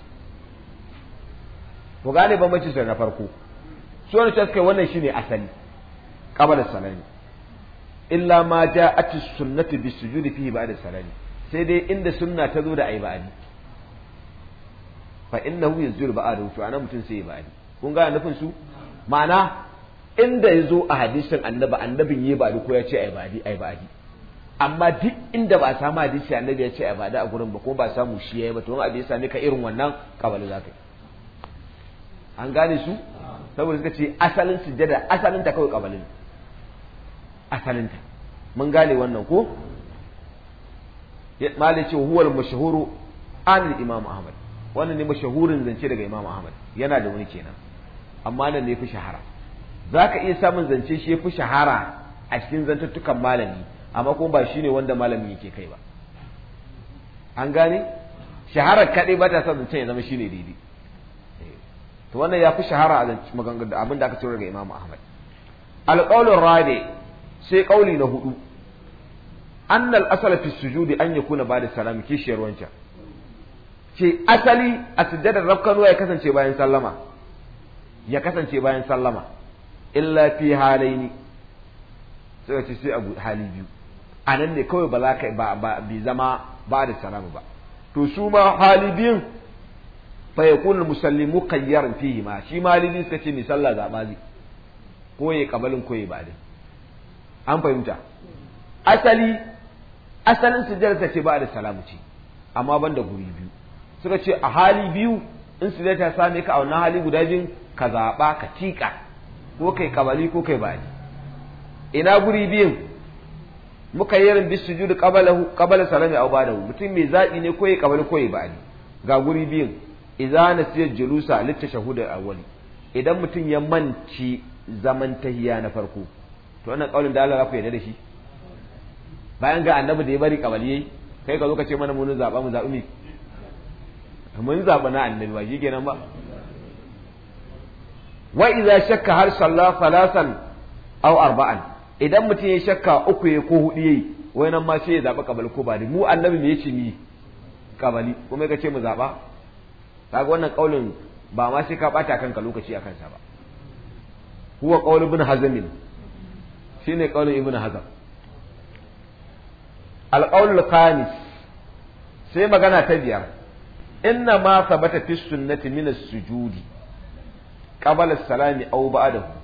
to gane bambanci na farko su wani suka wannan shine asali qabla salami illa ma ja'at sunnatu bi sujudi fihi ba'da salami sai dai inda sunna ta zo da ayi ba'ani fa innahu yazuru ba'adahu to anan mutum sai ya ba'ani kun ga nufin su ma'ana inda ya zo a hadisin annabi annabin yi ba'adi ko ya ce ayi ba'adi ayi ba'adi amma duk inda ba a samu hadisi annabi ya ce ayi ba'adi a gurin ba ko ba samu shi yayi ba to wani abu ne ka irin wannan kabali zaka yi an gane su saboda suka ce asalin sujjada asalin ta kawai kabalin ne asalinta mun gane wannan ko mali ce huwal mashahuru an imam ahmad wannan ne mashahurin zance daga imam ahmad yana da wani kenan amma nan ne fi shahara zaka iya samun zance shi fi shahara a cikin zantattukan malami amma kuma ba shine wanda malami yake kai ba an gane shahara kaɗai ba ta sa zance ya zama shine daidai eh. to wannan ya fi shahara a abin da aka ciro daga imam ahmad alƙawlin rade sai ƙauli na hudu annal asala fi sujudi an yakuna ba da salam kishiyar wancan ce asali a sujjadar rafkanuwa ya kasance bayan sallama ya kasance bayan sallama illa fi halaini suka ce sai abu hali biyu a nan ne kawai ba za ka ba bi zama ba da salama ba to su ma hali biyun fa yakun musallimu qayyaran fihi ma shi ma hali suka ce ni sallah zaba ko ya kabalin ko ya an fahimta asali asalin sujjada ce ba da salamu ce amma ban da guri biyu suka ce a hali biyu in sujjada ta same ka a hali guda biyun ka zaɓa ka tiƙa ko kai kabali ko kai bani ina guri biyun muka yi rin bisu judu kabala salami a badahu mutum mai zaɓi ne ko ya kabali ko ya bani ga guri biyun idza nasiya julusa litta awali idan mutum ya manci zaman tahiya na farko to wannan kaulin da Allah ku yarda da shi bayan ga annabi da ya bari kabaliyai kai ka zo ka ce mana mun zaba mu zabi mun zaba na annabi ba shi kenan ba wa idza shakka har sallah falasan aw arba'an idan mutum ya shakka uku ya ko hudu yayi wai nan ma sai ya zaba kabali ko bali mu annabi me yace ni kabali kuma ka ce mu zaba kaga wannan kaulin ba ma sai ka bata kanka lokaci akan sa ba huwa qaul ibn hazm shine qaulin ibnu hazm alqaulul khamis sai magana ta biyar inna ma sabata fi sunnati min as-sujudi qabla as-salami aw ba'dahu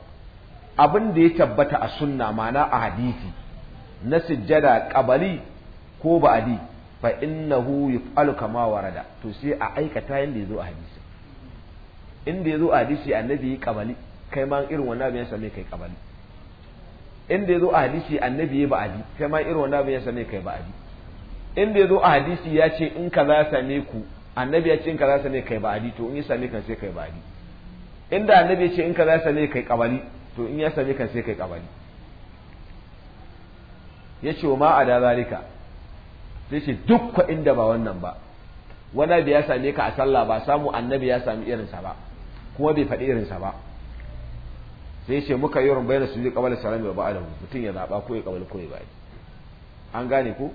abin da ya tabbata a sunna mana a hadisi na sujjada qabali ko ba'di fa innahu yuf'alu kama warada to sai a aikata yanda yazo a hadisi inda yazo a hadisi annabi yi qabali kai ma irin wannan abin ya same kai qabali inda yazo a hadisi annabi ya ba'adi kai ma irin wannan abin ya same kai ba'adi inda yazo a hadisi ya ce in kaza ya same ku annabi ya ce in kaza ya same kai ba'adi to in ya same kan sai kai ba'adi inda annabi ya ce in kaza ya same kai kabali to in ya same kan sai kai kabali ya ce wa ma a da sai ce duk kwa inda ba wannan ba wani bai ya same ka a sallah ba samu annabi ya sami irinsa ba kuma bai faɗi irinsa ba sai ce muka yi rumbayar su zai kabala salami wa ba'alahu mutum ya zaɓa ko ya kabala ko ya bayi an gane ko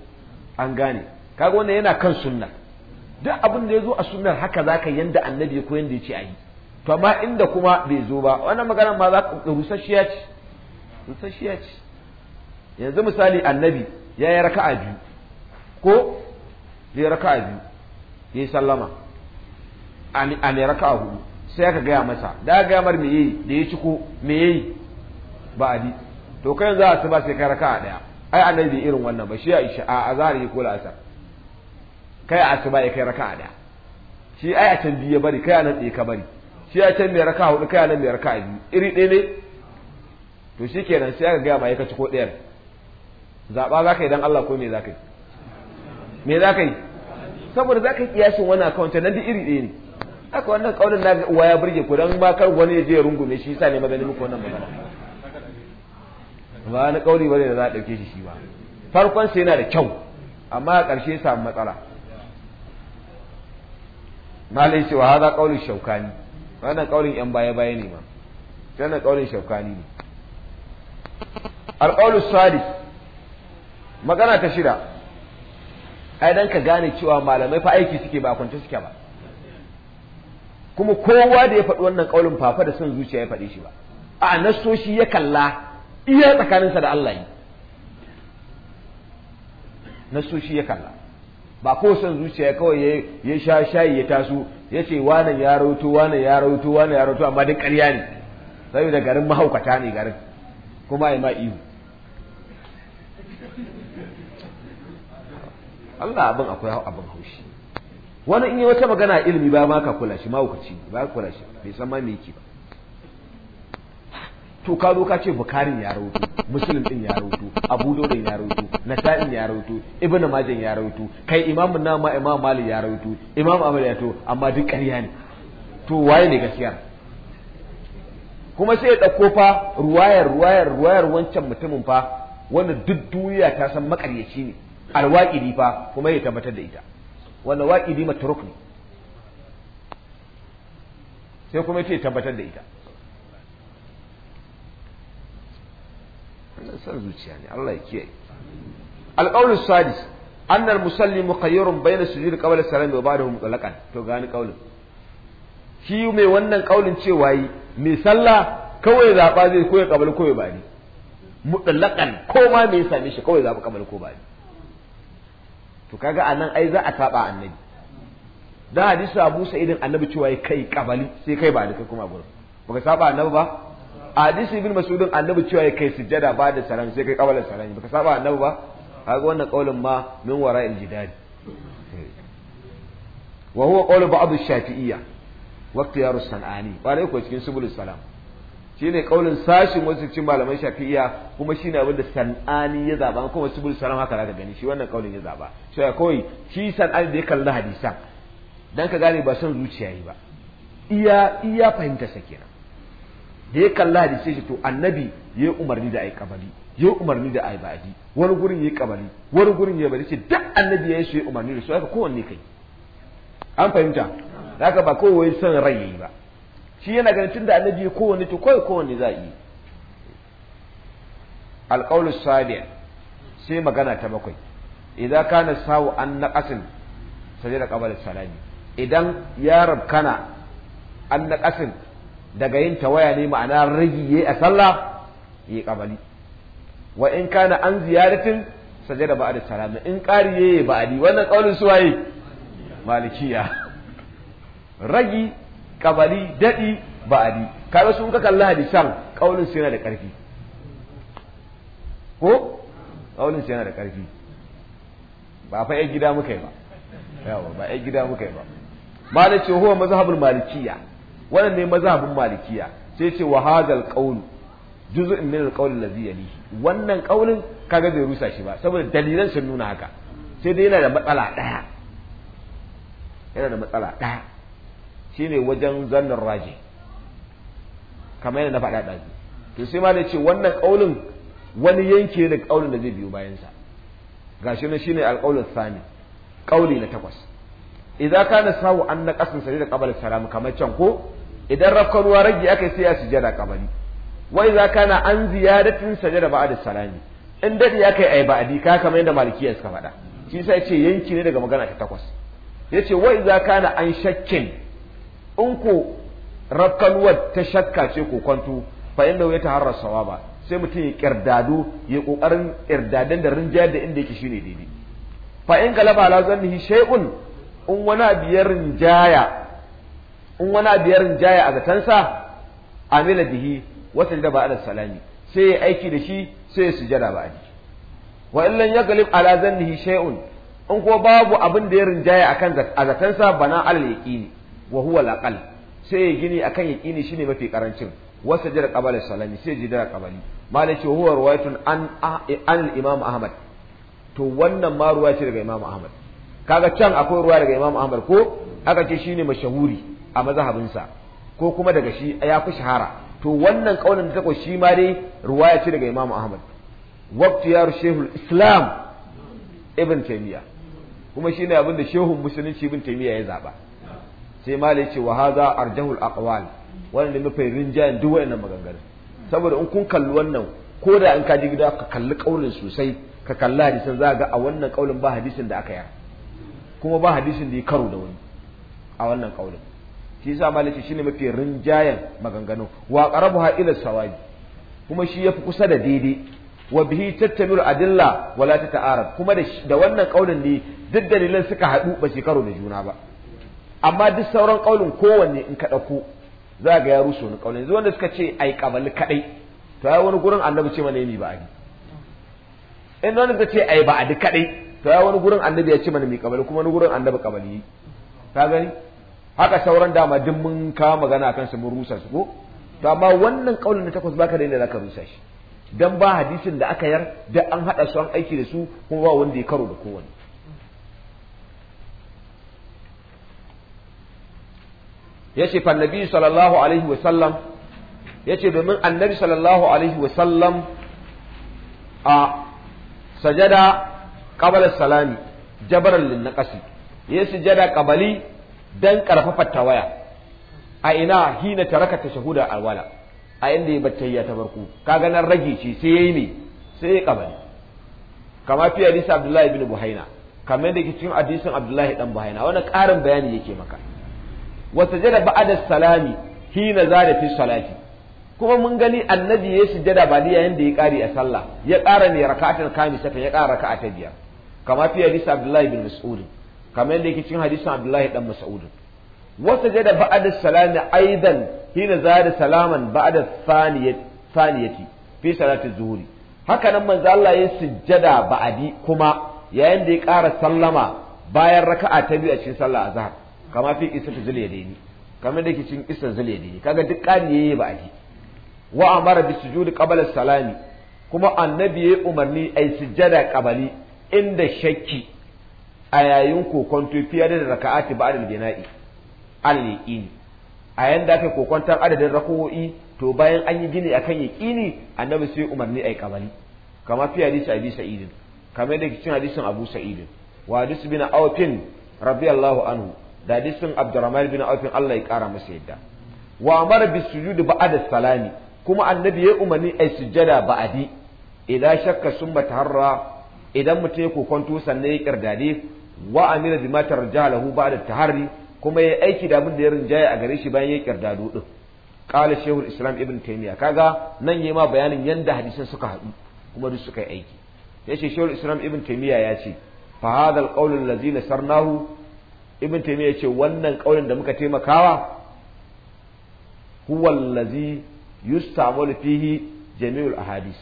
an gane kaga wannan yana kan sunna duk abin da ya zo a sunnar haka za ka yanda annabi ko yanda ya ce a yi to amma inda kuma bai zo ba wannan magana ma za ka rusasshiya ce rusasshiya ce yanzu misali annabi ya yi raka'a biyu ko ya yi raka'a biyu ya yi sallama a ne raka'a huɗu. sai aka gaya masa da aka gaya mar meye da ya ciko me yayi ba adi to kai za a tuba sai kai raka'a daya ai annabi bai irin wannan ba shi ya isha a azhari ko asar kai a ya kai raka'a daya shi ai a can biyu ya bari kai a nan tsaye ka bari shi a can mai raka'a hudu kai a nan mai raka'a biyu iri ɗaya ne to shi kenan sai aka gaya ma ya ka ciko ɗayan zaɓa za ka yi don Allah ko me za ka yi me za ka yi saboda za ka yi kiyashin wani akawunta nan da iri ɗaya ne haka wannan kaulin na uwa ya burge ku don ba kar wani ya je ya rungume shi yasa ne magana muku wannan magana ba na kauri bane da za a dauke shi shi ba farkon sai yana da kyau amma a ƙarshe ya samu matsala malai cewa hada kaulin shaukani wannan kaulin yan baya baya ne ma wannan kaulin shaukani ne alqaulu sadi magana ta shida ai dan ka gane cewa malamai fa aiki suke ba kwance suke ba kuma kowa da ya faɗi wannan ƙaunin fafa da son zuciya ya faɗi shi ba a shi ya kalla iya tsakaninsa da Allah yi shi ya kalla ba ko son zuciya kawai ya sha shayi ya taso ya ce wane ya rautu wane ya rautu wane ya rautu amma duk ƙarya ne saboda garin mahaukata ne garin kuma ya ma ihu Allah abin akwai abin haushi wani in yi wata magana ilimi ba ma ka kula shi ma hukunci ba ka kula shi bai san ma me yake ba to ka zo ka ce bukarin ya rawaito muslim din ya rawaito abu dole ya rawaito nasa'in ya rawaito ibn majan ya rawaito kai imamun na ma imam malik ya rawaito imam ahmad ya to amma duk ƙarya ne to waye ne gaskiya kuma sai ya ɗauko fa ruwayar ruwayar ruwayar wancan mutumin fa wanda duk duniya ta san makaryaci ne ne fa kuma ya tabbatar da ita wa nawaqidi matruk ne sai kuma yace tabbatar da ita Allah san zuciya ne Allah ya kiyaye alqawl sadis anna al-musalli muqayyirun bayna sujud qabla salam ba ba'dahu mutlaqan to gani qaulin shi mai wannan qaulin cewa yi mai sallah kawai zaba zai koyi kabal koyi bani ko ma ya same shi kawai ko bani to kaga anan ai za a saba annabi da hadisi Abu Sa'id annabi cewa kai kabali sai kai ba da kai kuma gurin baka saba annabi ba hadisi ibn Mas'ud annabi cewa kai sujjada ba da salam sai kai kabalan salam baka saba annabi ba kaga wannan kaulin ma min wara'il jidali wa huwa qawlu ba'd ash-shafi'iyya wa iktiyaru sanani bare ko cikin subul salam Shi ne kaulin sashin wasu cin malaman shafi'iya kuma shi ne abinda sanani ya zaba kuma bulu salam haka zaka gani shi wannan kaulin ya zaba shi ya kawai shi sanani da ya kalli hadisan dan ka gane ba son zuciya yi ba iya iya fahimta sa kenan da ya kalli hadisai shi to annabi ya umarni da ai kabali ya umarni da ai ba'adi wani gurin ya kabali wani gurin ya bari ce duk annabi ya yi shi umarni da su haka kowanne kai an fahimta haka ba kowai son rai yi ba shi yana ganin tunda annabi ya kowanne to kawai kowanne za a yi alqaulu sabi sai magana ta bakwai idan kana sawu an naqasin da qabala salami idan ya rabkana an naqasin daga yin tawaya ne ma'ana ragi yayi a sallah yayi qabali wa in kana an ziyaratin sajada ba'da salami in qari yayi ba'di wannan qaulin suwaye malikiya ragi kabali dadi ba'adi kaga sun ka kalla hadisan kaulin sai yana da karfi ko kaulin sai yana da karfi ba fa ai gida muka yi ba yawa ba ai gida muka yi ba malik ce huwa mazhabul malikiya wannan ne mazhabin malikiya sai ce wa hadal qaul juz'un min al-qawl alladhi yalihi wannan kaulin kaga zai rusa shi ba saboda dalilan sun nuna haka sai dai yana da matsala daya yana da matsala daya shine wajen zannin raji kamar yadda na faɗa ɗazu to sai ma da ce wannan ƙaunin wani yanki da ƙaunin da zai biyo bayansa Ga shi ne shine alƙaunin sami ƙauli na takwas idan na sawu an na ƙasin sa da ƙabalin salamu kamar can ko idan rafkanuwa rage aka sai ya sujada ƙabari za ka na an ziyaratin da ba'da salami in dadi ya kai ayaba a ka kamar yadda malikiya suka faɗa shi sai ce yanki ne daga magana ta takwas yace wa ka kana an shakkin in ko rakkanuwar ta shakka ce ko kwanto fa inda ya taharra sawaba sai mutum ya kirdadu ya kokarin irdadan da rinjayar da inda yake shine daidai fa in galaba ala zannihi shay'un in wani abiyar rinjaya in wani abiyar rinjaya a zatansa amila bihi wata da ba ala salami sai ya aiki da shi sai ya sujada ba aji wa in lan yaglib ala zannihi shay'un in ko babu abin da ya rinjaya akan a zatansa bana alal yaqini wa huwa al sai ya gini akan yaqini shine mafi karancin wasa jira qabala salami sai jira qabali malaki huwa riwayatun an an imam ahmad to wannan ma ruwa ce daga imam ahmad kaga can akwai ruwa daga imam ahmad ko aka ce shine mashahuri a mazhabinsa ko kuma daga shi ya fi shahara to wannan kaulin da tako shi ma dai ruwaya ce daga imam ahmad waqtu ya shehul islam ibn taymiya kuma shine abin da shehun musulunci ibn taymiya ya zaba sai mali ce wa haza arjahul aqwal wannan da mafi rinjayen duk wayannan maganganun saboda in kun kalli wannan ko da in ka ji gida ka kalli kaulin sosai ka kalli hadisin za ga a wannan kaulin ba hadisin da aka yi kuma ba hadisin da ya karo da wani a wannan kaulin shi yasa mali ce shine mafi rinjayen maganganun wa qarabuha ila sawabi kuma shi yafi kusa da daidai wa bihi tattamiru adilla wala tata'arab kuma da wannan kaulin ne duk dalilan suka haɗu ba shi karo da juna ba amma duk sauran kaulin kowanne in ka ɗauko za ga ya rushe wani kaulin yanzu wanda suka ce ai kabali kadai to ya wani gurin annabi ce mana yi ba ai in wanda suka ce ai ba duk kadai to ya wani gurin annabi ya ce mana mi kabali kuma wani gurin annabi kabali ka gani haka sauran dama duk mun kawo magana akan su mun rusa su ko to amma wannan kaulin na takwas baka da inda zaka rusa shi dan ba hadisin da aka yar da an hada su an aiki da su kuma ba wanda ya karo da kowanne yace ce fannabi sallallahu alaihi wa ya yace domin annabi sallallahu alaihi wa a sajada qabala salami jabaran lin ya ya sujada qabali dan karfafa tawaya a ina hina taraka shahuda alwala a inda ya battayya ta barku ka nan rage ce sai ya yi ne sai ya kabali kama fi hadisi Abdullahi bin Buhaina kamar da ke cikin hadisin Abdullahi dan Buhaina wani karin bayani yake maka wa sajada ba'da salami hina zada fi salati kuma mun gani annabi ya sujada ba da yayin da ya kare a sallah ya ƙara ne raka'atul kamisata ya ƙara raka'a ta biyar kama fi hadisi Abdullahi bin Mas'ud Kama yadda yake cikin hadisin Abdullahi dan Mas'ud wa sajada ba'da salami aidan hina zada salaman ba'da thaniyati thaniyati fi salati zuhuri haka nan manzo Allah ya sujada ba'adi kuma yayin da ya ƙara sallama bayan raka'a ta biyu a cikin sallah azhar kama fi isa ta zule daidai kama da kicin isa zule yi. kaga duk ƙari yi ba a ji wa amara bi su juri ƙabalar salami kuma annabi ya yi umarni a yi sujjada qabali inda shakki a yayin kokonto fiye da raka'ati ba'da bina'i al a yanda aka kokontar adadin rak'o'i to bayan an yi gini akan yaqini annabi sai umarni yi qabali kama fi hadisi abi Kama fiye da kicin hadisin abu sa'idin wa hadis bin awfin allahu anhu da hadisin Abdurrahman bin Auf Allah ya kara masa yadda wa amara da sujudi ba'da salami kuma annabi ya umarni ai sujjada ba'adi idan shakka summa taharra idan mutum ya kokonto sannan ya kirdade wa amira bima tarja lahu ba'da taharri kuma ya aiki da abin da ya rinjaya a gare shi bayan ya kirdado din qala shaykhul islam ibn taymiya kaga nan yayi ma bayanin yanda hadisan suka haɗu kuma duk suka yi aiki yace shaykhul islam ibn taymiya ya ce fa hadha al-qawl allazi ibn taymiya yace wannan kaulin da muka taimakawa huwa allazi yustamalu fihi jami'ul ahadith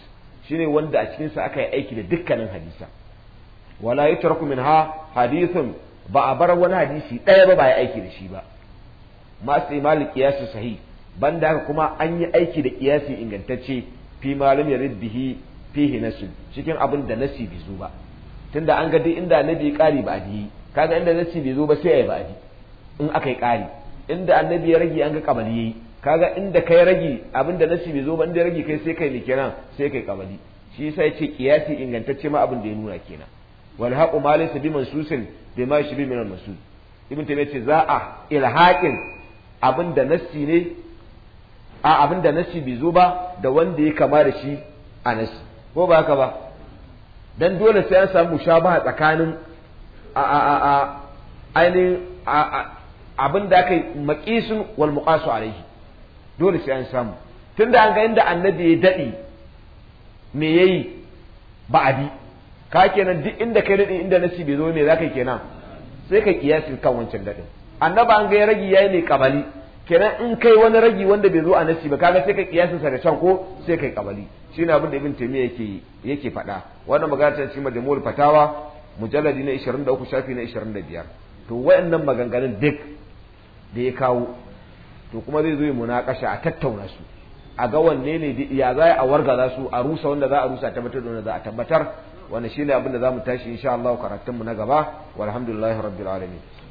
shine wanda a cikin sa aka yi aiki da dukkanin hadisa wala yutraku minha hadithun ba a bar wani hadisi ɗaya ba ba ya aiki da shi ba masu malik kiyasi sahi banda haka kuma an yi aiki da kiyasi ingantacce fi malam ya bihi fihi nasu cikin abin da nasi ba tunda an ga duk inda annabi ya ƙari ba yi. kaga inda nace bai zo ba sai ayi ba a in aka yi ƙari inda annabi ya rage an ga kabali yayi kaga inda kai rage abinda nasi bai zo ba inda rage kai sai kai ne kenan sai kai kabali shi yasa ce qiyasi ingantacce ma abin da ya nuna kenan wal haqu ma laysa bi mansusin bi ma shi bi min al mansus ibn taymiyyah ce za a ilhaqin abinda nasi ne a abinda nasi bai zo ba da wanda ya kama da shi a nasi. ko ba haka ba dan dole sai an samu mushabaha tsakanin a a a a ainihin abin da aka yi maƙisun wal muqasu alaihi dole sai an samu tunda an ga inda annabi ya daɗe me yayi ba a bi ka kenan duk inda kai daɗe inda nasi bai zo me zaka kenan sai ka kiyasi kan wancan daɗin Annabi an ga ya rage yayi ne kabali kenan in kai wani ragi wanda bai zo a nasi ba kaga sai kai kiyasa sa da can ko sai kai kabali shine abin da ibn taymiya yake yake faɗa wannan magana ta cikin majmu'ul fatawa mujalladi na 23 shafi na 25 to wayannan maganganun duk da ya kawo to kuma zai zo ya munakasha a tattauna su a ga wanne ne ya za a za su a rusa wanda za a rusa tabbatar da wanda za a tabbatar wannan shine abin da zamu tashi insha Allah karatun mu na gaba walhamdulillahi rabbil alamin